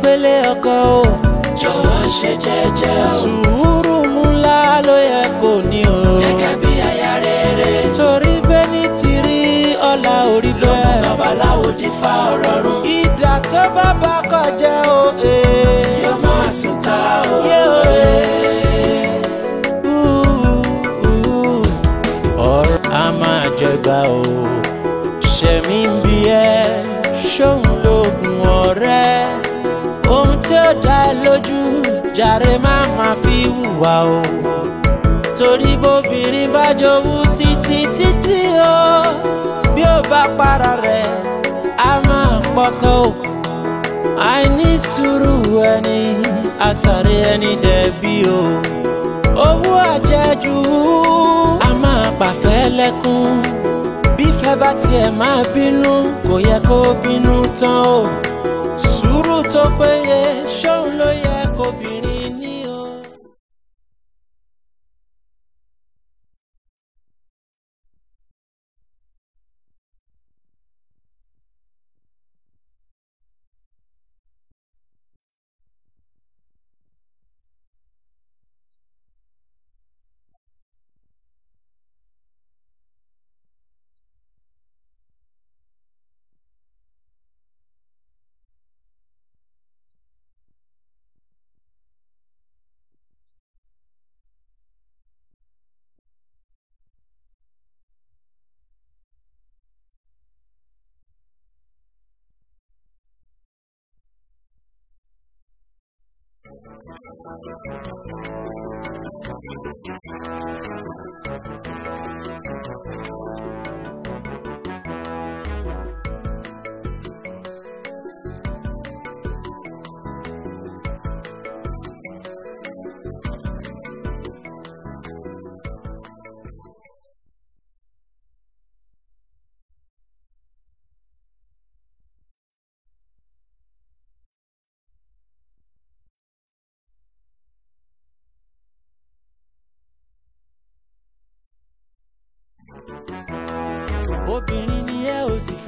gbélé ọkọ o. jọ̀wọ́ ṣe jẹ́jẹ́ o. sùúrù ńlá ló yẹ kó ní o. gẹ́gẹ́ bí aya rere. torí bẹ́ni ti rí ọlá orí bẹ́ẹ̀. ló babaláwo di fa ọ̀rọ̀ run. ìdà tó bá bá kọjá o. E. yóò máa sùn ta o. E. E. ọ̀rọ̀ a máa jẹgba o. ṣẹ̀mí ń bí ẹ ṣóun lóògùn ọ̀rẹ́ dá ẹ lójú jàre má má fi hùwà o torí bóbìnrin bá jowú títí títí o bí ó bá para rẹ̀ á máa pọkọ o àìní sùúrù ẹni àsàrè ẹni dẹ̀bi o owó àjẹjù á máa pàfẹ́ lẹ́kún bífẹ́ bá tiẹ̀ máa bínú kò yẹ kó bínú tán o tó péye ṣóun ló yẹ kóbìnrin.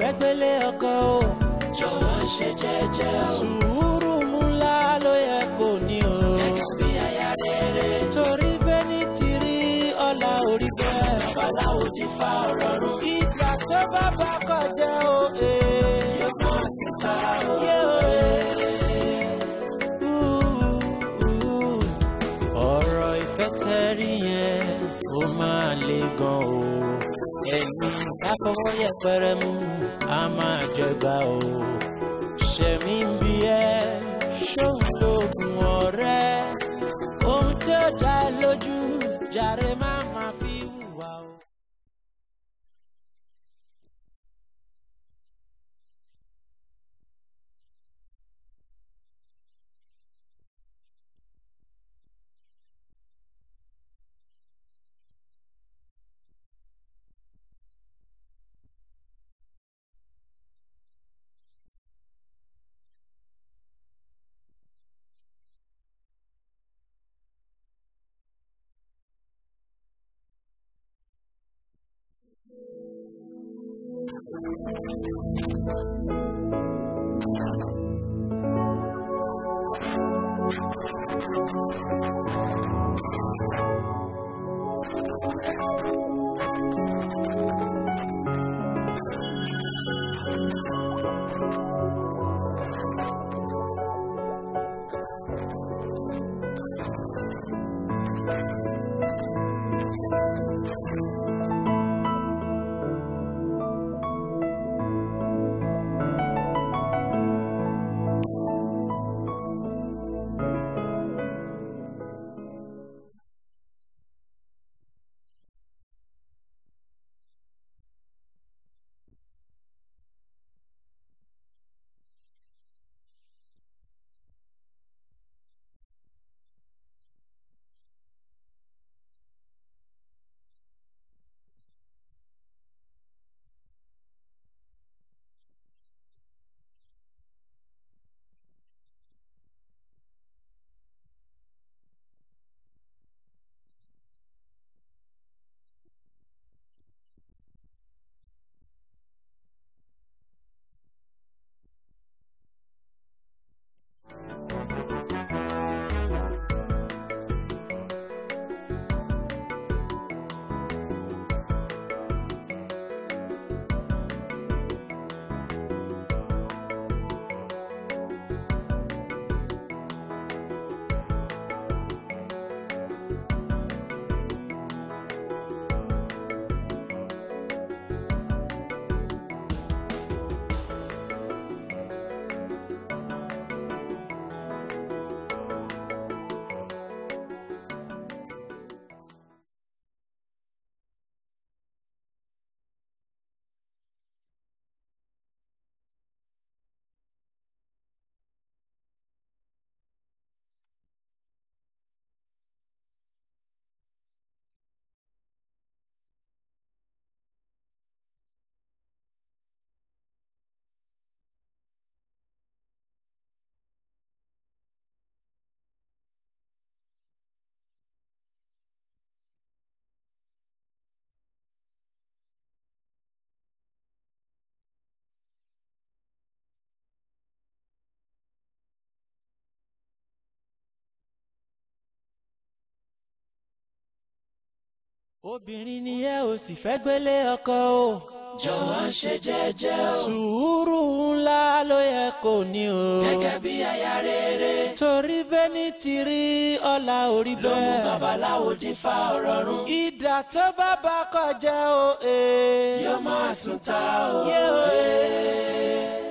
kẹ́gbélé ọkọ o. jọ̀wọ́ ṣe jẹ́jẹ́ o. sùúrù ńlá ló yẹ kó ní o. bí aya rere. torí bẹ́ni ti rí ọlá orí bẹ́ẹ̀. babaláwo ti fa ọ̀rọ̀ rú. ìgbà tó bá bá kọjá o. Eh. yóò bọ́ síta o. yóò. bá fọwọ́ yẹpẹrẹ mú a máa jẹgba o ṣẹ̀mí ń bí ẹ ṣóun lóògùn ọ̀rẹ́ ohun tí ó dá lójú jàre máa obìnrin ni ẹ ò sì fẹ́ gbélé ọkọ o. jọ̀wọ́ ṣe jẹ́jẹ́ o. sùúrù ńlá ló yẹ kó ní o. gẹ́gẹ́ bí aya rere. torí bẹ́ni ti rí ọlá orí bẹ́ẹ̀. ló mú babaláwo dífá ọ̀rọ̀ run. ìdà tó bá bá kọjá o. Eh. yóò máa sùn ta o. yóò. Eh. Eh.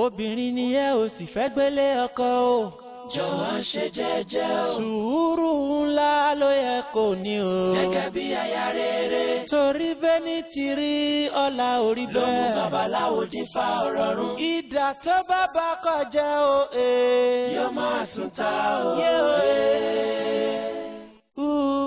obìnrin ni ẹ ò sì fẹ́ gbélé ọkọ o. jọ̀wọ́ ṣe jẹ́jẹ́ o. sùúrù ńlá ló yẹ kó ní o. gẹ́gẹ́ bí aya rere. torí bẹ́ni ti rí ọlá orí bẹ́ẹ̀. ló mú babaláwo dífá ọ̀rọ̀ run. ìdà tó bá bá kọjá o. Eh. yóò máa sùn ta o. yóò ee. Eh. Eh.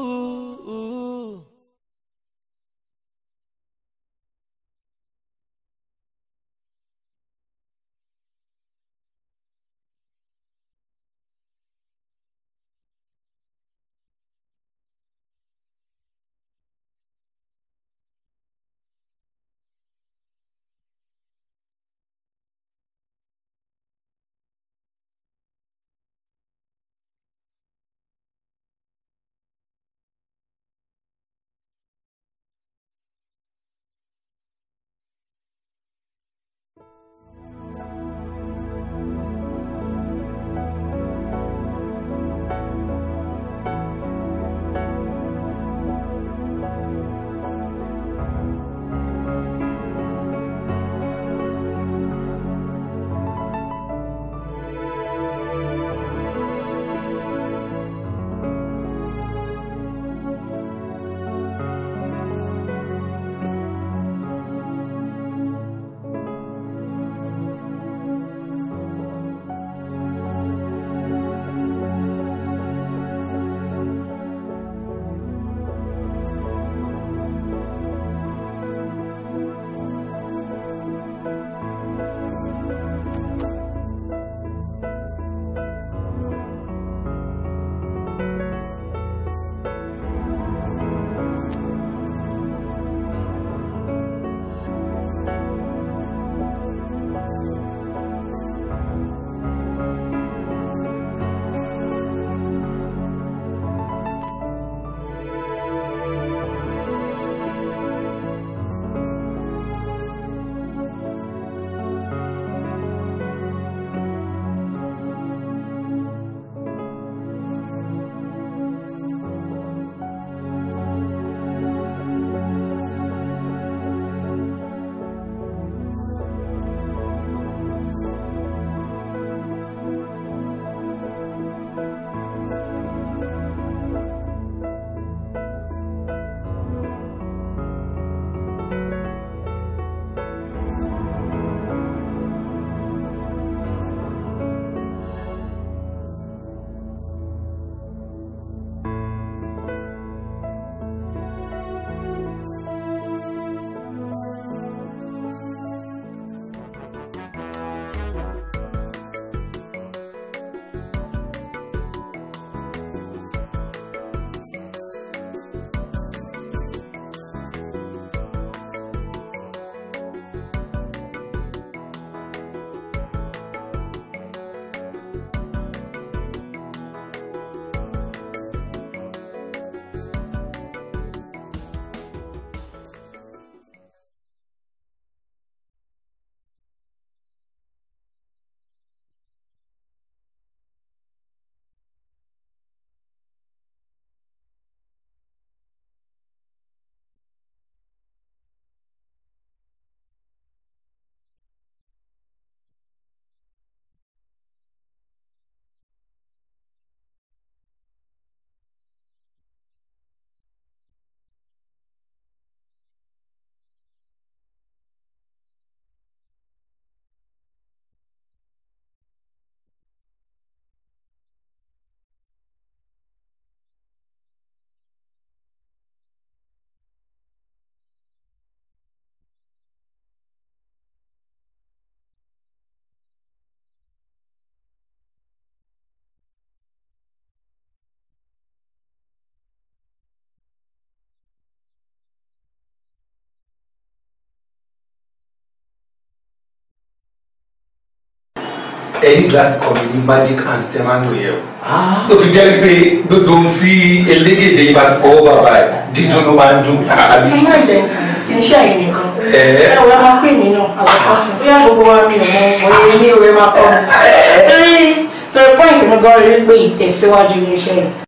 ẹni láti kọ mi ní magic hand tẹ máa ń lò yẹ o ah. tó fi jẹ́ pé gbogbo ohun tí elégédé yìí bá ti fọwọ́ bàbá ẹ̀ dídùn ló máa ń dùn ah, ah, àbí. ẹ má jẹ nǹkan kì í ṣe àyè nìkan ẹ wọ ẹ máa pè mí náà àlọkọsí bóyá gbogbo wa mi ò mọ òye ní òwe máa kọ mi. torí to the point mo gbọ́ rí pé ìtẹ̀síwájú ní iṣẹ́ yìí.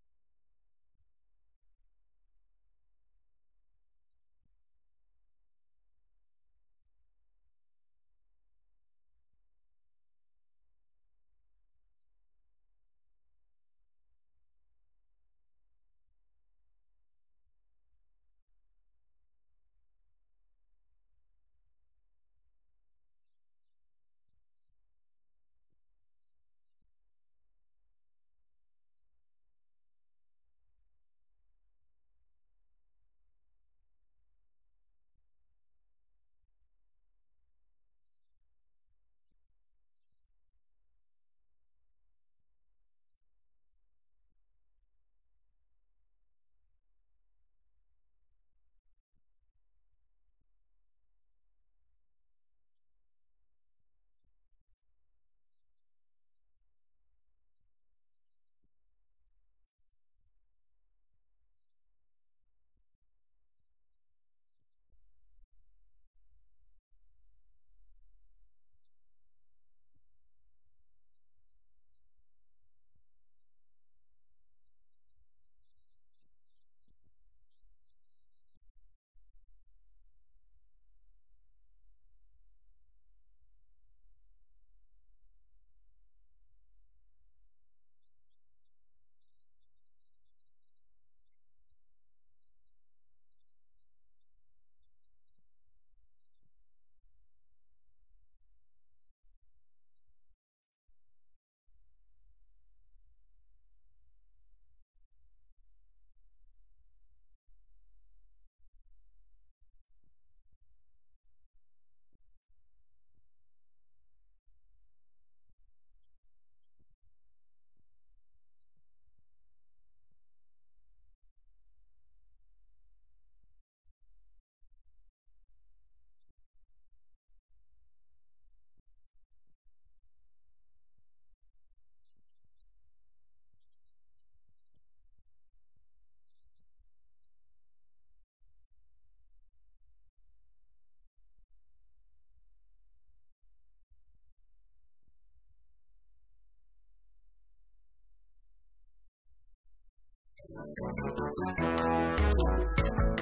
Thank you.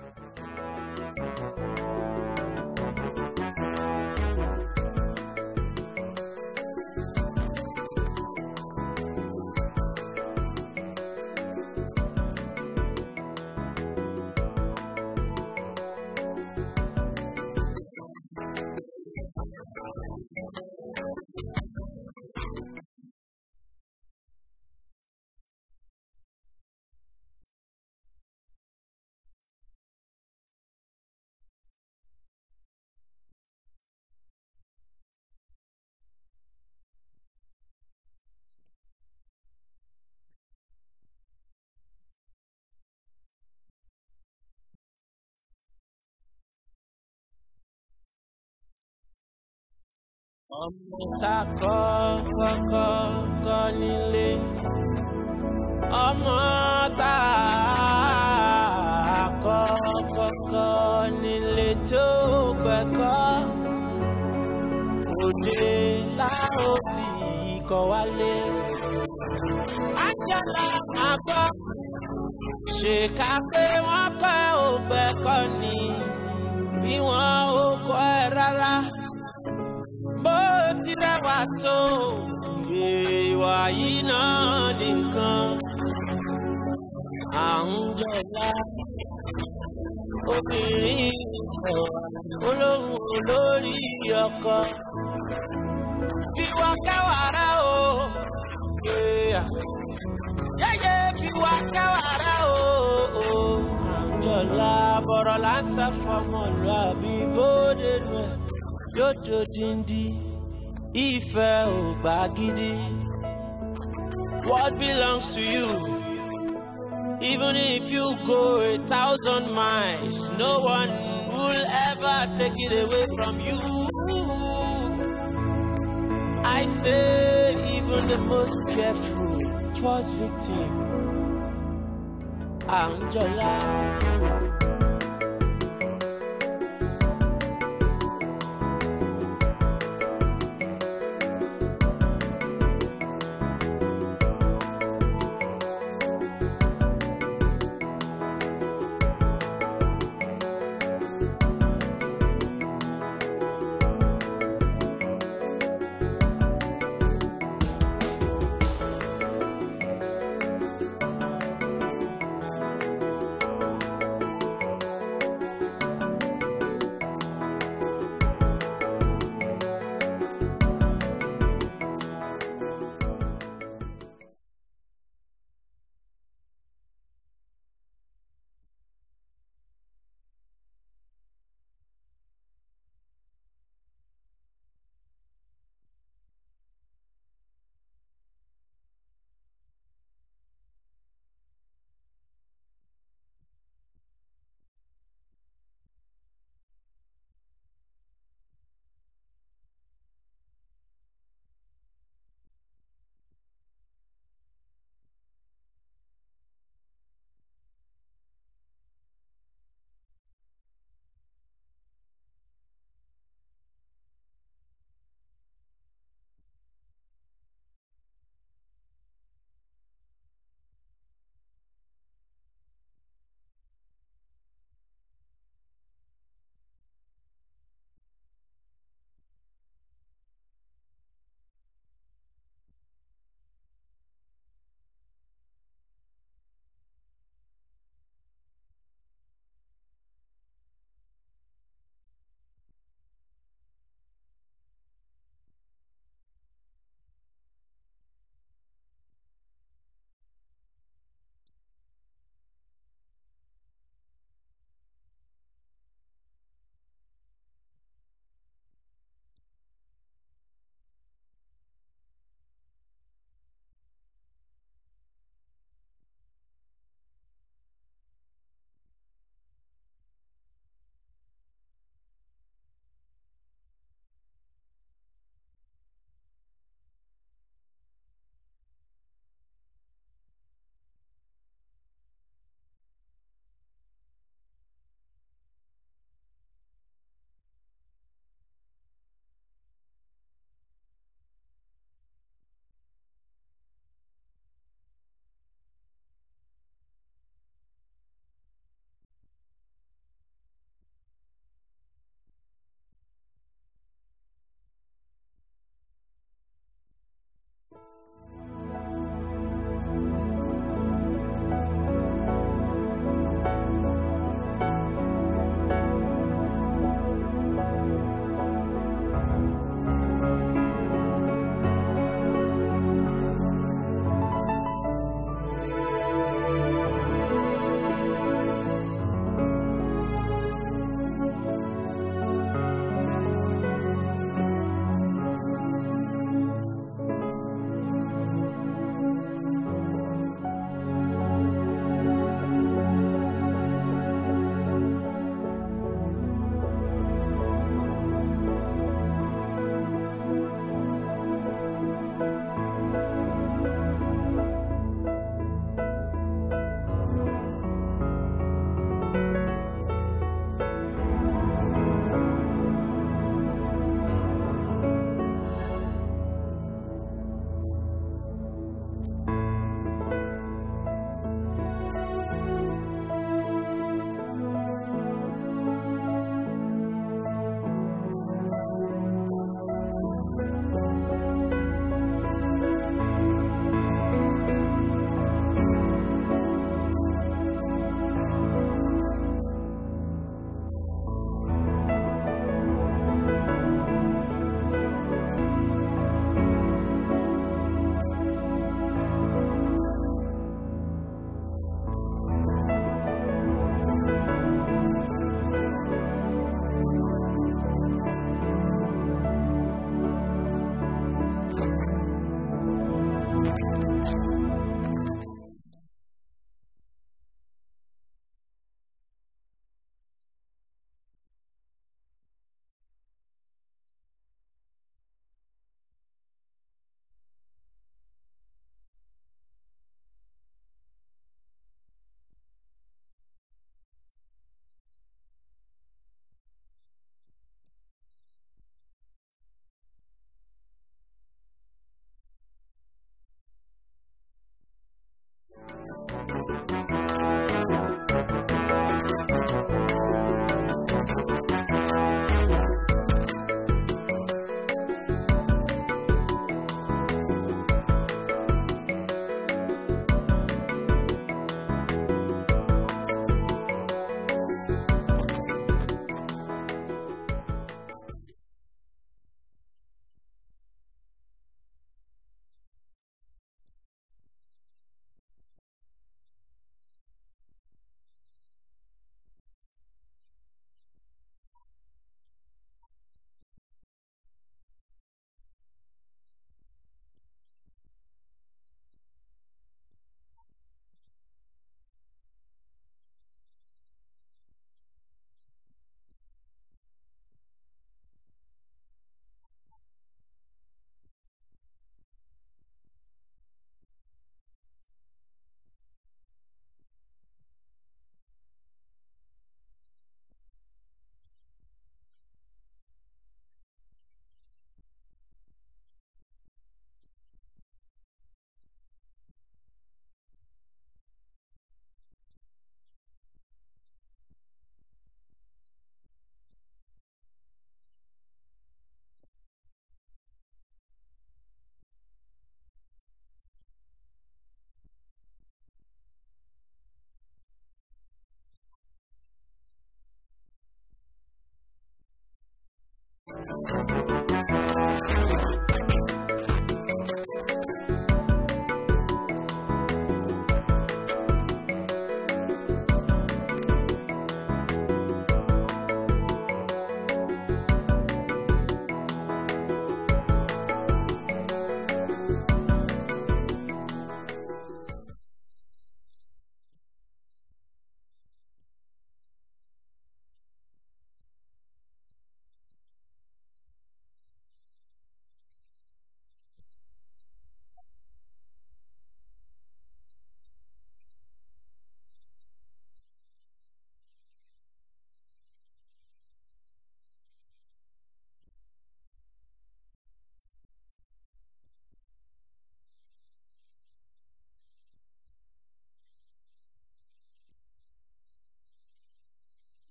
Thank you. ọmọ tá a kọ́ kọ́kọ́ kọ́ nílé ọmọ tá a kọ́ kọ́kọ́ nílé tó gbẹ̀kọ́ òde láò tí kọ́ wálé àjọlá àkọ́ ṣèkà pé wọ́n kọ́ ògbẹ́kọ́ ni bí wọ́n ò kọ́ ẹ rárá bó ti rẹwà tó ìwà yìí náà di nǹkan à ń jọlá obìnrin sọ olóhùn olórí ọkọ fi wá kẹwàrà o yẹyẹ fi wá kẹwàrà o oh. à ń jọlá bọ̀rọ̀ lásán fọmọlúàbí bóde dodo dindi ìfẹ́ What belongs to you? Even if you go a thousand miles, no one will ever take it away from you. I say, even the most careful was victim. Angela.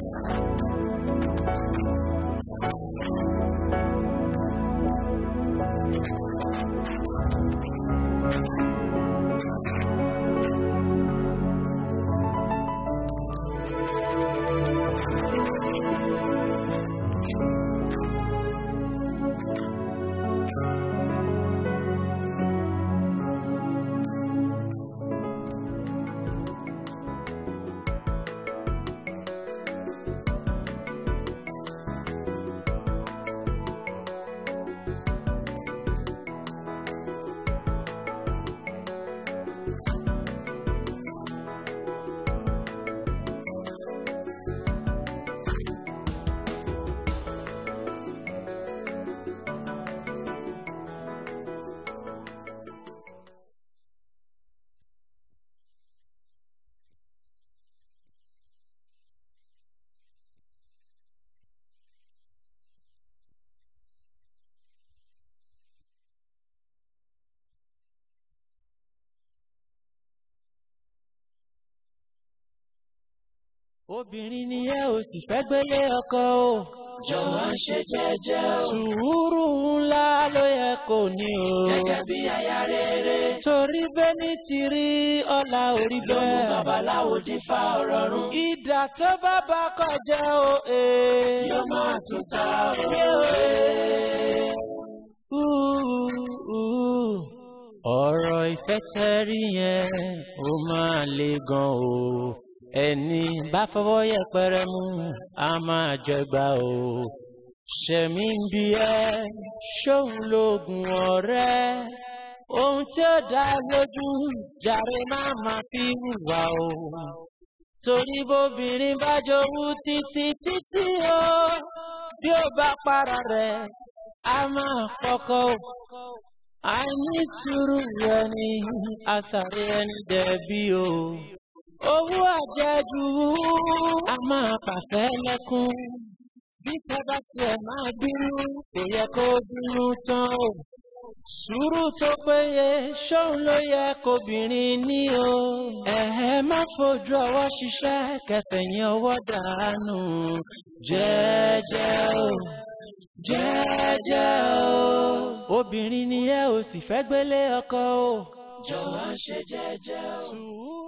Thank you. obìnrin ni ẹ ò sì fẹ́ gbélé ọkọ o. jọ̀wọ́ ṣe jẹ́jẹ́ o. sùúrù ńlá ló yẹ kó ní o. gẹ́gẹ́ bí aya rere. torí bẹ́ni ti rí ọlá orí bẹ́ẹ̀. ló mú babaláwo dífá ọ̀rọ̀ run. ìdà tó bá bá kọjá o. E. yóò máa sùn ta o. E. E. ọ̀rọ̀ ìfẹ́ tẹ́rí yẹn ó máa le gan o ẹni bá fọwọ́ yẹpẹrẹ mú a máa jẹgba o ṣẹ̀mí ń bi ẹ́ ṣóun lóògùn ọ̀rẹ́ ohun tí ó dá lójú jàre má máa fi hùwà o torí bóbìnrin bá jowú títí títí o bí ó bá para rẹ̀ a máa kọ́kọ́ o àìní sùúrù ẹni àṣàrí ẹni dẹ̀bi o owó àjẹjù a máa pàfẹ́ lẹ́kún bí bàbá tiẹ̀ máa bínú kò yẹ kó bínú tán o sùúrù tó péye ṣóun ló yẹ kóbìnrin ní o ẹ̀ẹ́ má fojú ọwọ́ ṣiṣẹ́ kẹfẹ̀yìn ọwọ́ dànù jẹ́ẹ́jẹ́ o jẹ́ẹ́jẹ́ o obìnrin ni ẹ ò sì fẹ́ gbélé ọkọ o jọ̀wọ́ ṣe jẹ́ẹ́jẹ́ o.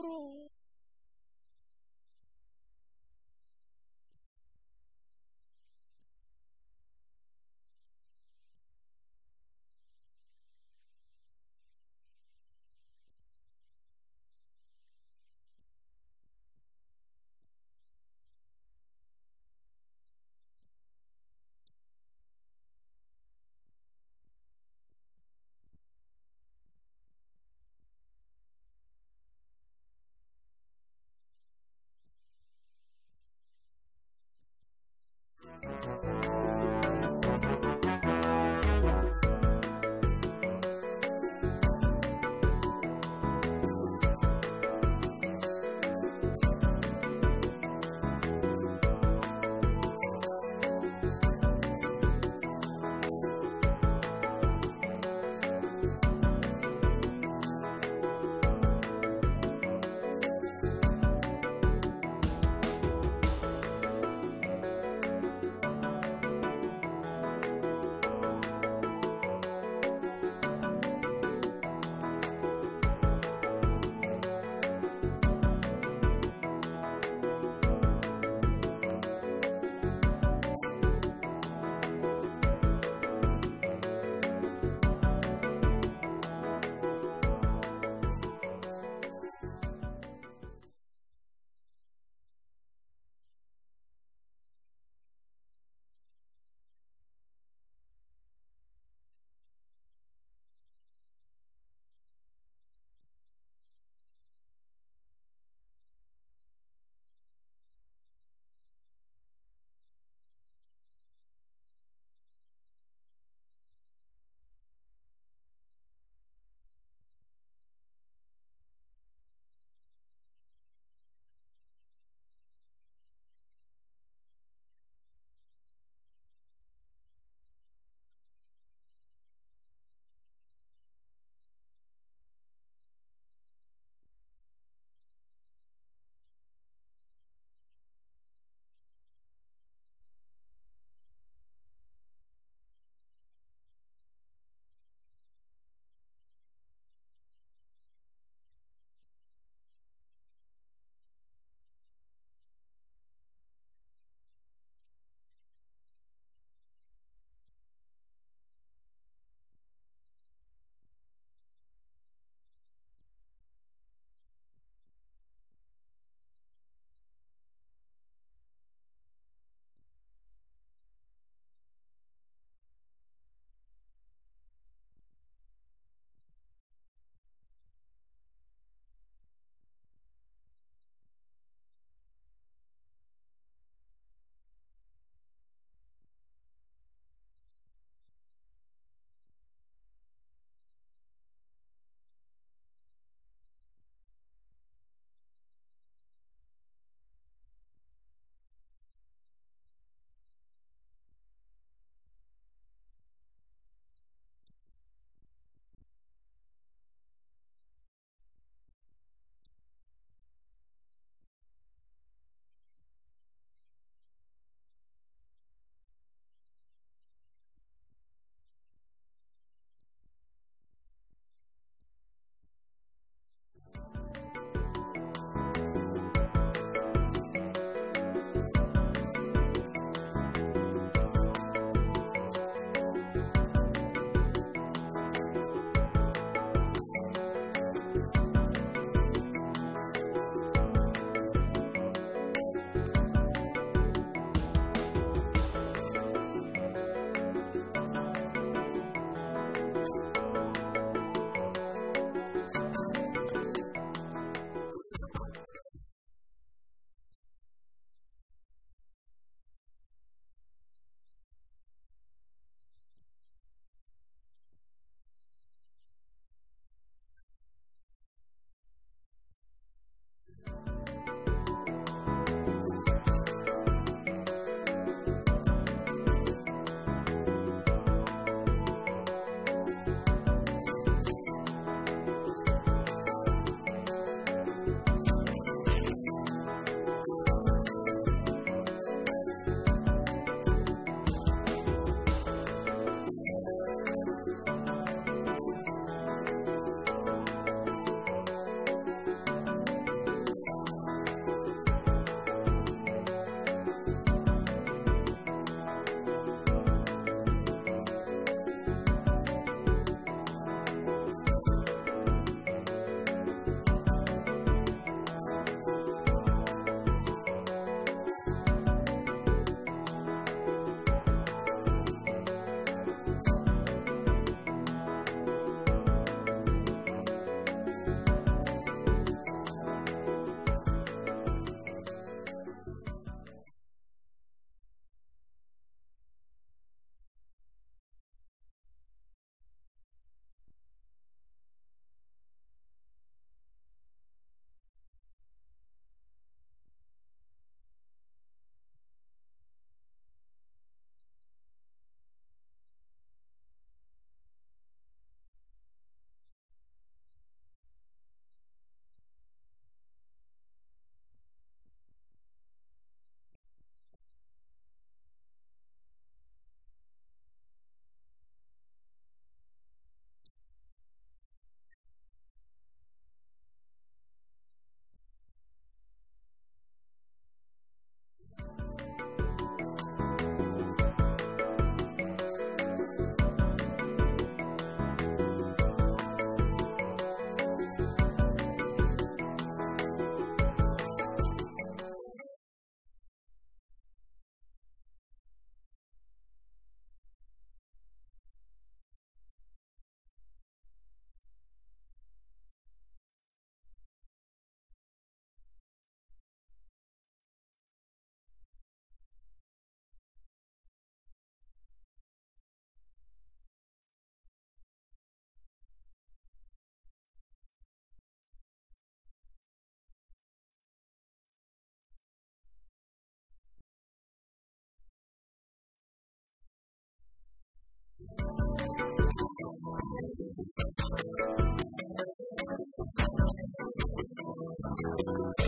Thank you.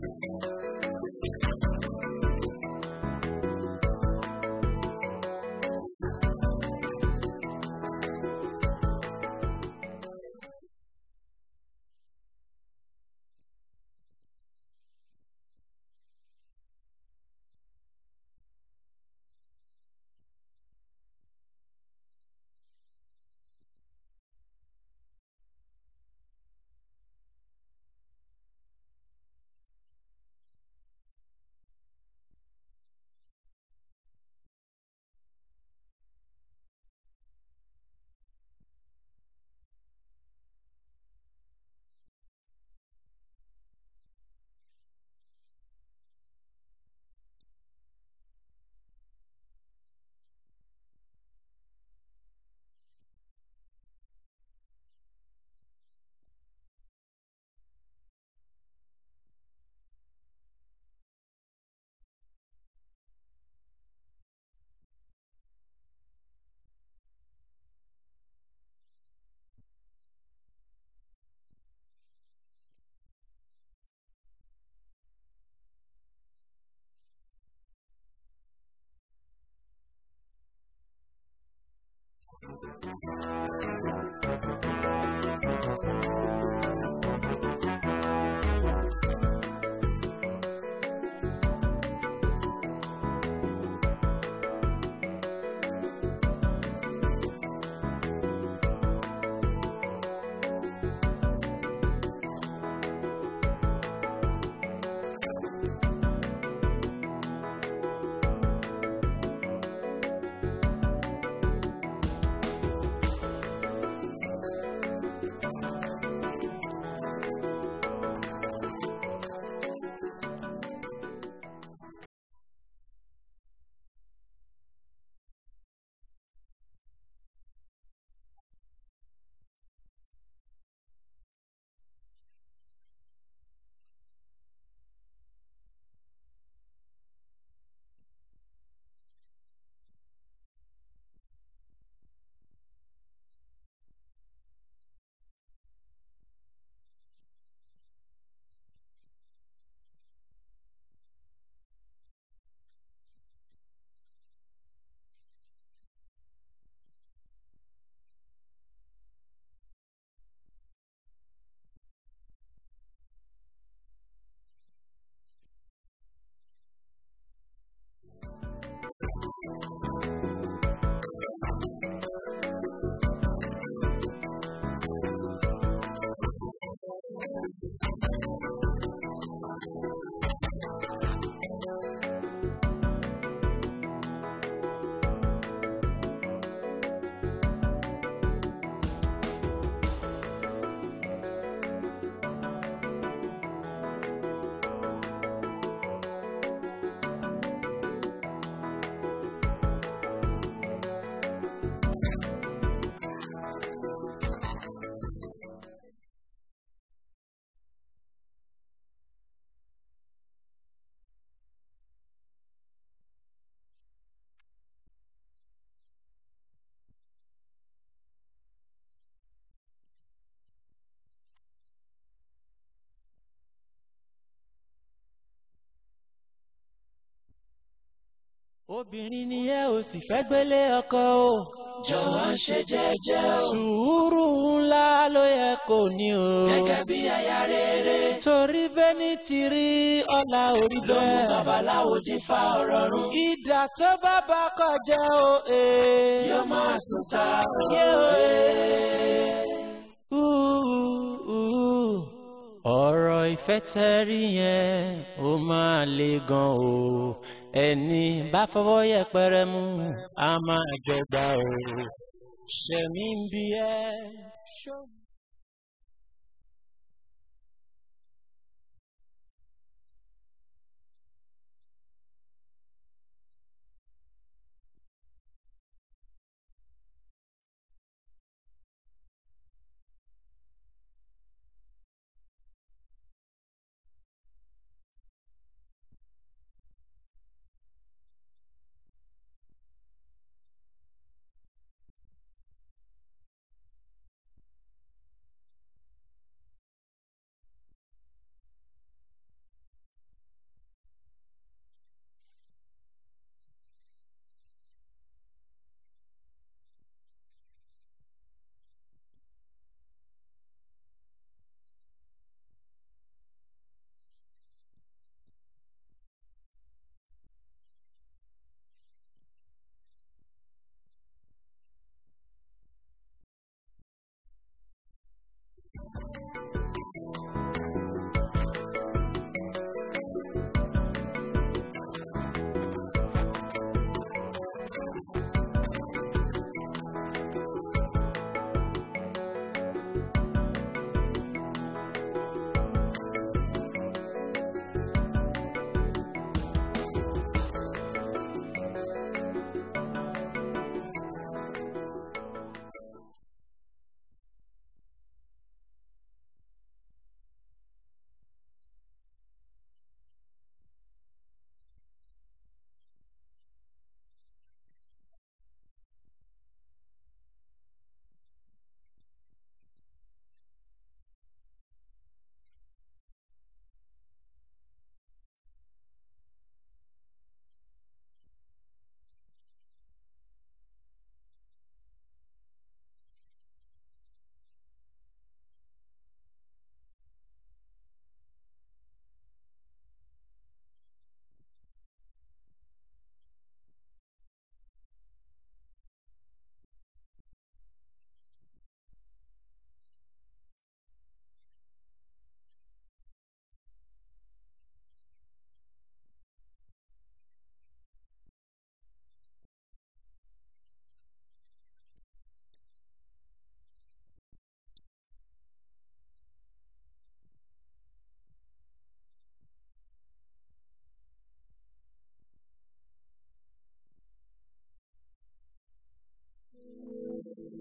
Jesus. obìnrin ni ẹ ò sì fẹ́ gbélé ọkọ o jọ̀wọ́ ṣe jẹ́jẹ́ o sùúrù ńlá ló yẹ kó ní o gẹ́gẹ́ bí aya rere torí bẹ́ni ti rí ọ̀la orí bẹ́ẹ̀ ló mú babaláwo dífá ọ̀rọ̀ run ìdà tó bá bá kọjá o eh. yóò máa sùn ta o. Eh. Eh. ọ̀rọ̀ ìfẹ́ tẹ́rí yẹn ó máa le gan o ẹni bá fọwọ́ yẹpẹrẹ mú a máa jẹgbà o ṣẹ̀mí ń bí ẹ ṣọ́ọ̀bù.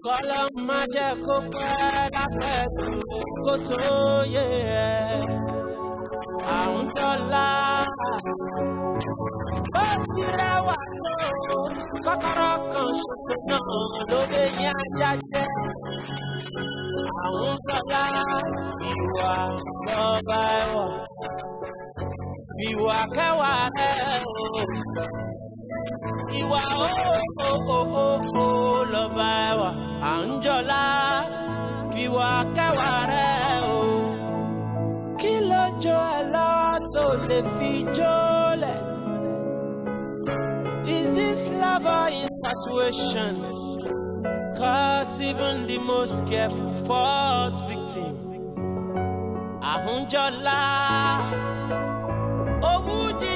kọ́lá má jẹ́ kó pẹ́ látẹ̀kùn kó tó yé ẹ̀ à ń dọ́là. bó ti rẹwà tó kọ́kọ́rọ́ kan ṣoṣo náà ló lè yín ajá jẹ́. à ń ìwà lọ́ba ẹ̀wà ìwà kẹwàá ẹ̀ ìwà ó ó ó ó lọ́ba ẹ̀wà à ń jọlá fi wá káwa o kí ló ẹ lọ lè fi jólẹ̀. Is this love or infatuation? Cause even the most careful falls victim. Àhúnjọ́lá, owó jẹ́.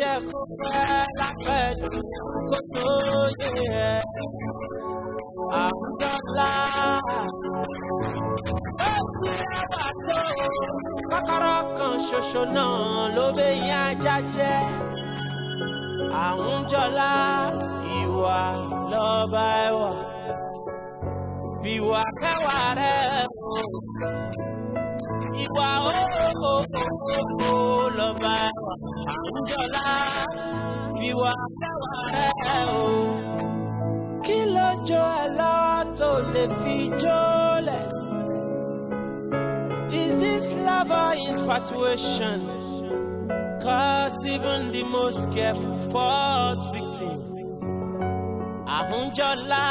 jẹ́ kó pẹ́ lápẹ̀jù kó tó yé ẹ. Àwùjọ ńlá ó ti rẹwà tó. Kọ́kọ́rọ́ kan ṣoṣo náà ló bẹ yín ajá jẹ́. Àwùjọ ńlá ìwà lọ́ba ẹwà. This lover infatuation. Cause even the most careful falls victim. Àhúnjọ́lá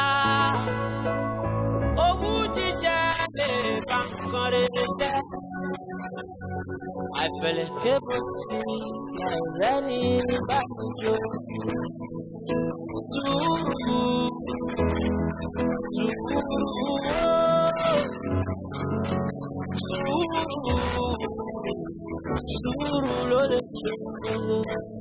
owó jíjẹ lè bá nǹkan rere jẹ́. Àìfẹ̀lẹ̀ kébù sí ẹ̀rẹ́ to ìbáraẹnjọ. to sùúrù. Surulole, surulole, surulole.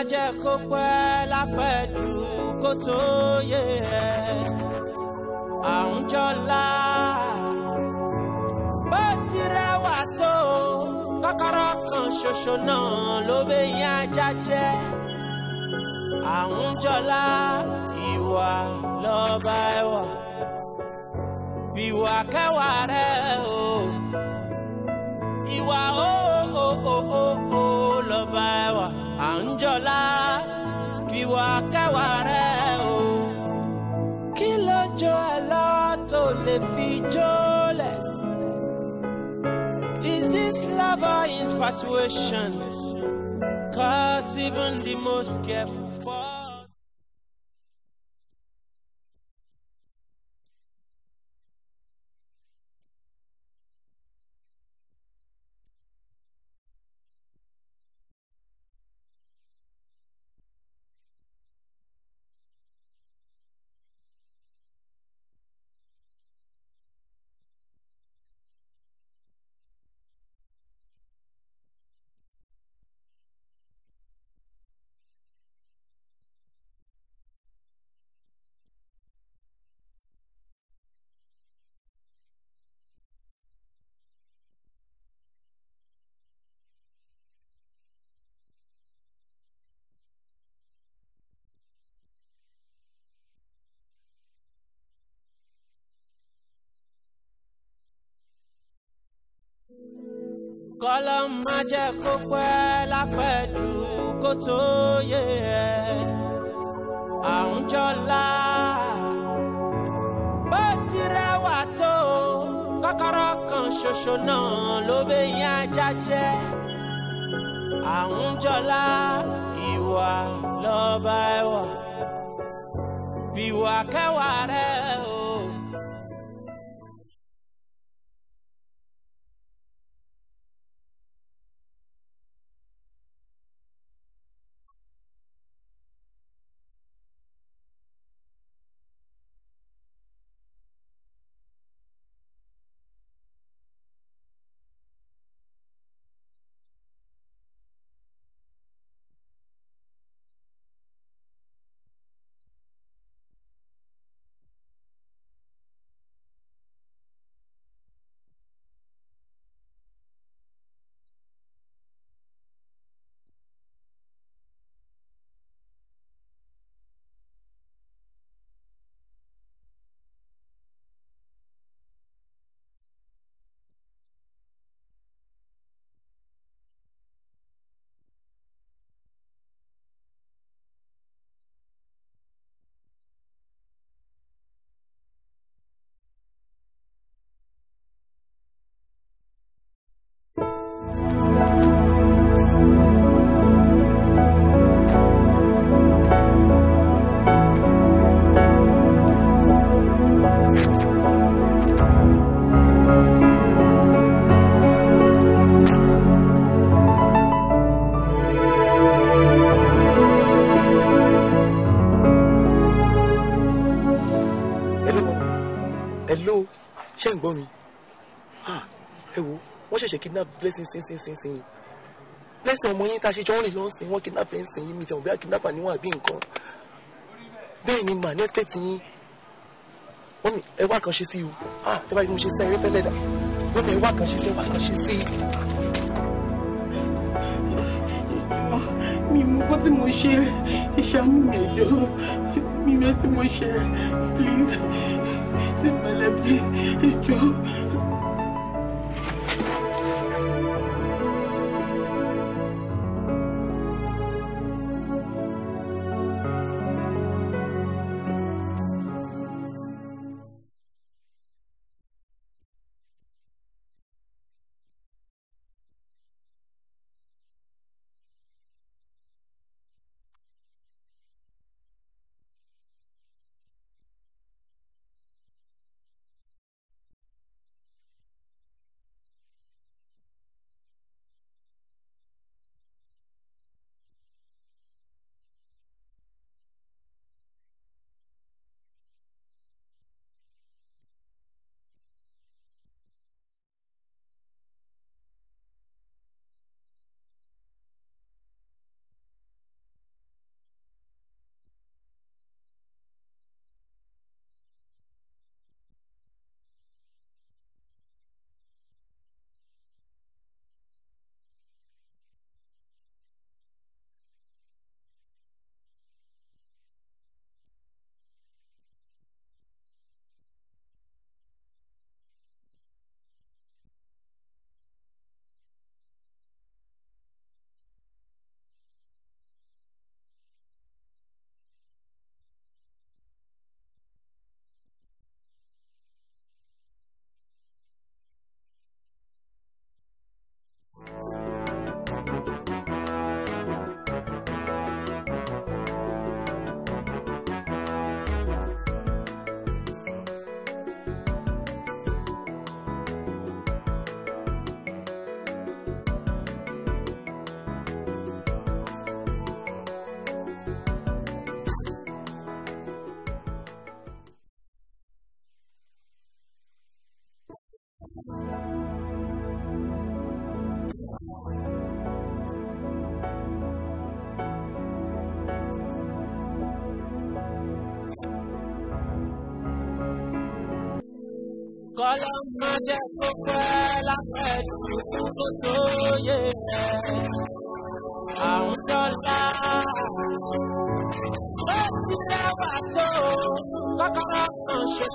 má jẹ́ kó pẹ́ lápẹ̀jù kó tó yé ẹ àwùjọ́lá bó ti rẹwà tó kọ́kọ́rọ́ kan ṣoṣo náà ló bẹ yín ajá jẹ́ àwùjọ́lá ìwà lọ́ba ẹwà ìwà kẹwàá rẹ o ìwà ó ó ó ó lọ́ba ẹwà ń jọlá fi o kí ló ń jọ ẹ Is this love or infatuation? Cause even the most careful. má jẹ́ kó pẹ́ lápẹ̀jù kó tó yé ẹ àwùjọ́lá bó ti rẹwà tó kọ́kọ́rọ́ kan ṣoṣo náà ló bẹ yín ajá jẹ́ àwùjọ́lá ìwà lọ́ba ẹwà bíwà kẹwàá rẹ o. blessing sin sin sin sin blessing ọmọ yín tá a ṣe jọ ń rìn lọ sin wọn kidnap ẹ̀ ń sin yín mi tẹ̀wọ̀n bí akidnapper níwọ̀n àbí nǹkan bẹ́ẹ̀ ni màá nẹ́fẹ̀ẹ́ tì yín wọ́n mi ẹ wá kan ṣe sí i o ah tẹ́ bá yẹ mo ṣe sẹ́yìn rẹ́fẹ́ lẹ́dà wọ́n mi ẹ wá kan ṣe sí i ẹ wá kan ṣe sí i. mi mú kó tí mo ṣe ìṣàánú mi ẹjọ mi mẹ tí mo ṣe please ṣe pẹ̀lẹ́ bí ẹjọ.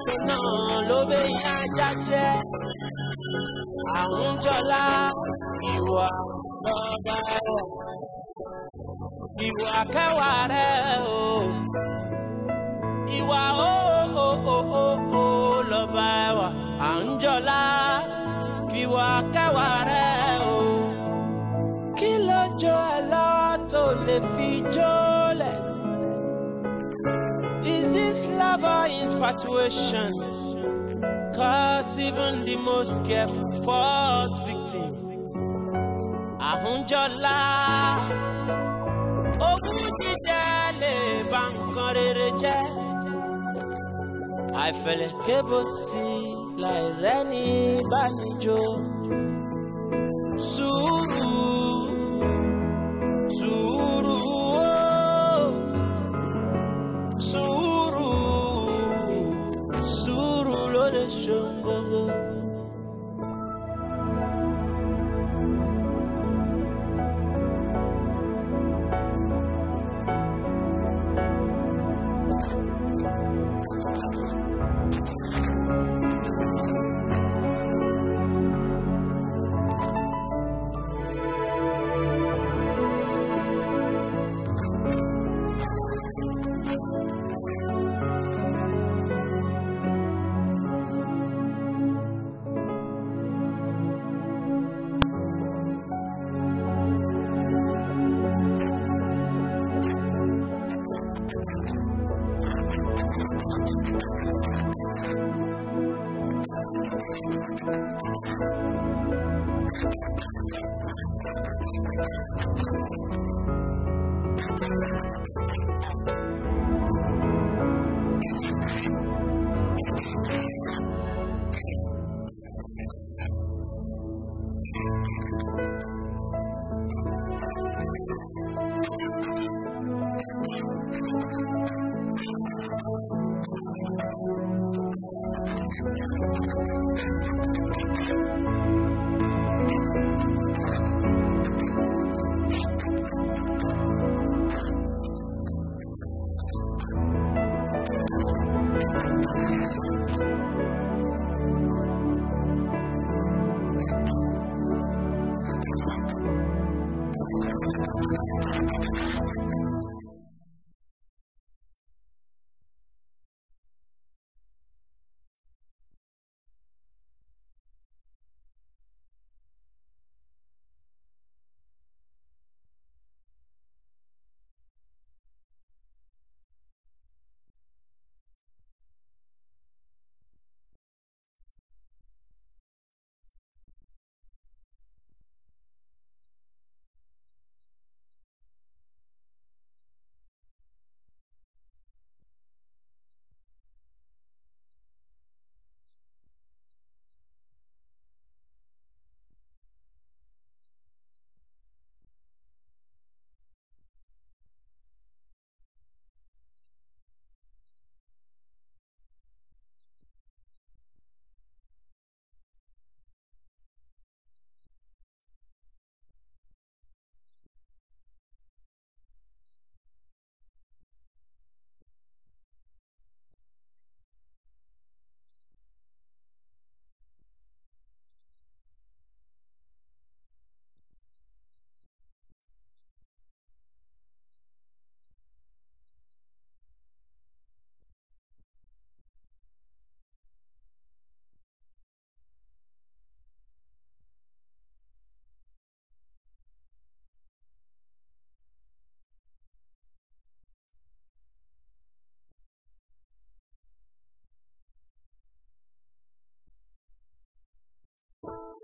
sọ́nà lóbẹ́yìn ajá jẹ́ àwùjọlá ìwà lọ́ba rẹ̀ ìwà kẹwàá rẹ̀ o ìwà o o o o o lọ́ba ẹ̀wà àwùjọlá ìwà kẹwàá rẹ̀ o kí ló jọ ẹ lè fi jó. love or infatuation. Cause even the most careful falls victim. I ogún jíjẹ lè bà nǹkan rere jẹ́. Àìfẹ̀lẹ̀ kébò sí láì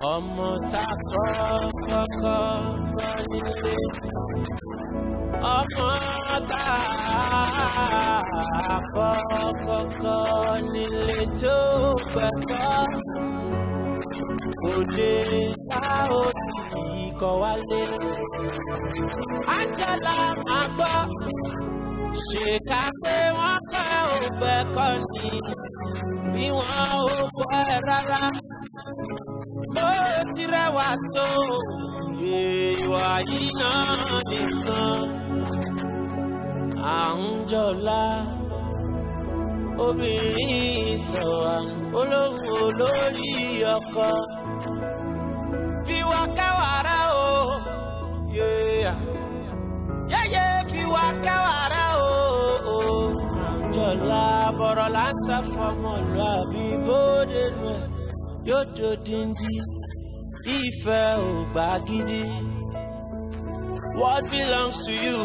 ọmọ tá kọ́kọ́ bọ́ nílé ọmọ tá kọ́kọ́ nílé tó gbẹ̀kọ́ òde tá ó sì kọ́ wálé ájọ́lá máa gbọ́ ṣèkà pé wọ́n kọ́ ògbẹ́kọ́ ni bí wọ́n ò kọ́ ẹ rárá ti rẹwà tó ìwà yìí náà nìkan à ń jọlá obìnrin sọ̀wà olóhùn olórí ọkọ fi wá káwàrà o yẹ́yẹ́ fi wá káwàrà o àjọlá bọ̀rọ̀ lásán fọmọ lọ àbí bóde nù ẹ̀ yóò dòdìndín. ìfẹ́ back in gidi. What belongs to you?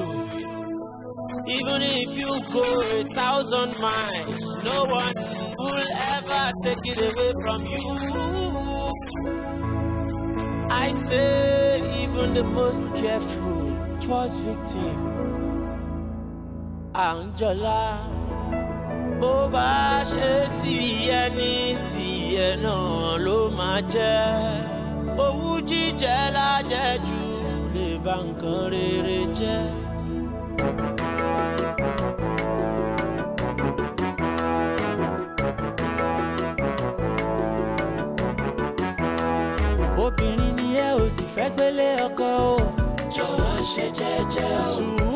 Even if you go a thousand miles, no one will ever take it away from you. I say, even the most careful first victim, Angela, bó bá ṣe ti jíjẹ lájẹjù lè ba nǹkan rere jẹ́. obìnrin ni ẹ ò sì fẹ́ gbélé ọkọ o. jọ̀wọ́ ṣe jẹ́jẹ́ o.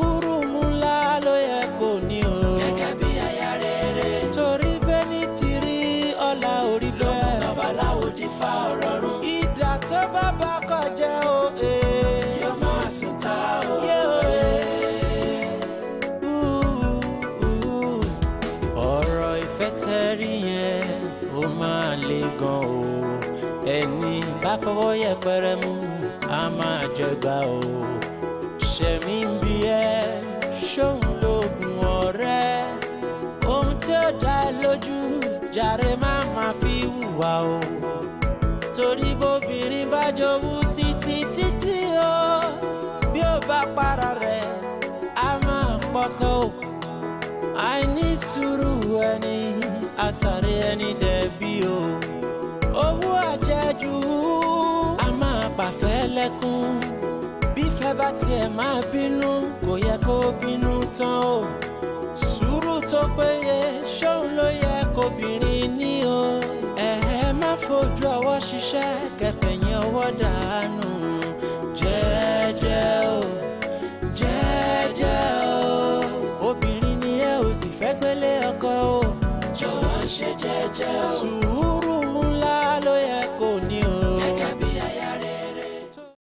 pẹrẹmu a máa jẹgba o ṣẹ̀mí ń bi ẹ́ ṣóun lóògùn ọ̀rẹ́ ohun tí ó dá lójú jàre má máa fi hùwà o torí bóbìnrin bá jowú títí títí o bí ó bá para rẹ̀ a máa pọkọ o àìní ẹni àsàrè ẹni dẹ̀bi o owó àjẹjù pàfẹ́ lẹ́kún bí fẹ́ bá tiẹ̀ máa bínú kò yẹ kó bínú tán o sùúrù tó péye ṣóun ló yẹ kóbìnrin ní o ẹ̀ẹ́ má fojú ọwọ́ ṣiṣẹ́ kẹfẹ̀yìn ọwọ́ dànù jẹ́ẹ́jẹ́ o jẹ́ẹ́jẹ́ o obìnrin ni ẹ ò sì fẹ́ gbélé ọkọ o jọ̀wọ́ ṣe jẹ́ẹ́jẹ́ o.